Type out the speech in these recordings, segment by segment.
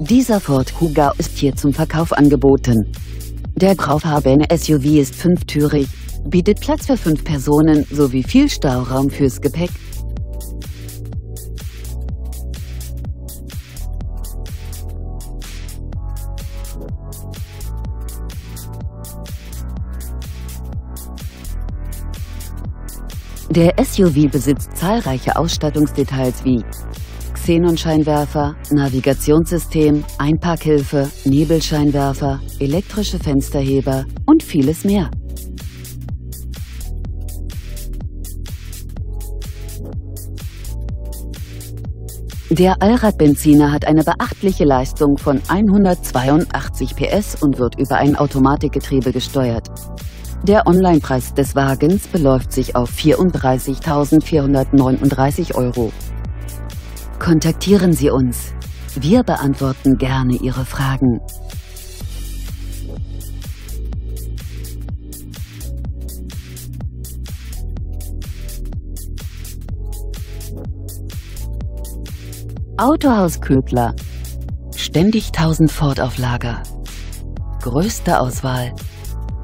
Dieser Ford Kuga ist hier zum Verkauf angeboten. Der graufarbene SUV ist fünftürig, bietet Platz für fünf Personen sowie viel Stauraum fürs Gepäck. Der SUV besitzt zahlreiche Ausstattungsdetails wie Xenonscheinwerfer, Navigationssystem, Einparkhilfe, Nebelscheinwerfer, elektrische Fensterheber und vieles mehr. Der Allradbenziner hat eine beachtliche Leistung von 182 PS und wird über ein Automatikgetriebe gesteuert. Der Onlinepreis des Wagens beläuft sich auf 34.439 Euro. Kontaktieren Sie uns. Wir beantworten gerne Ihre Fragen. Autohaus Ködler. Ständig 1000 Ford auf Lager. Größte Auswahl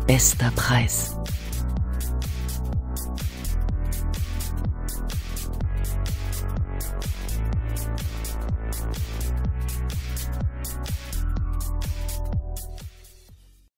Bester Preis.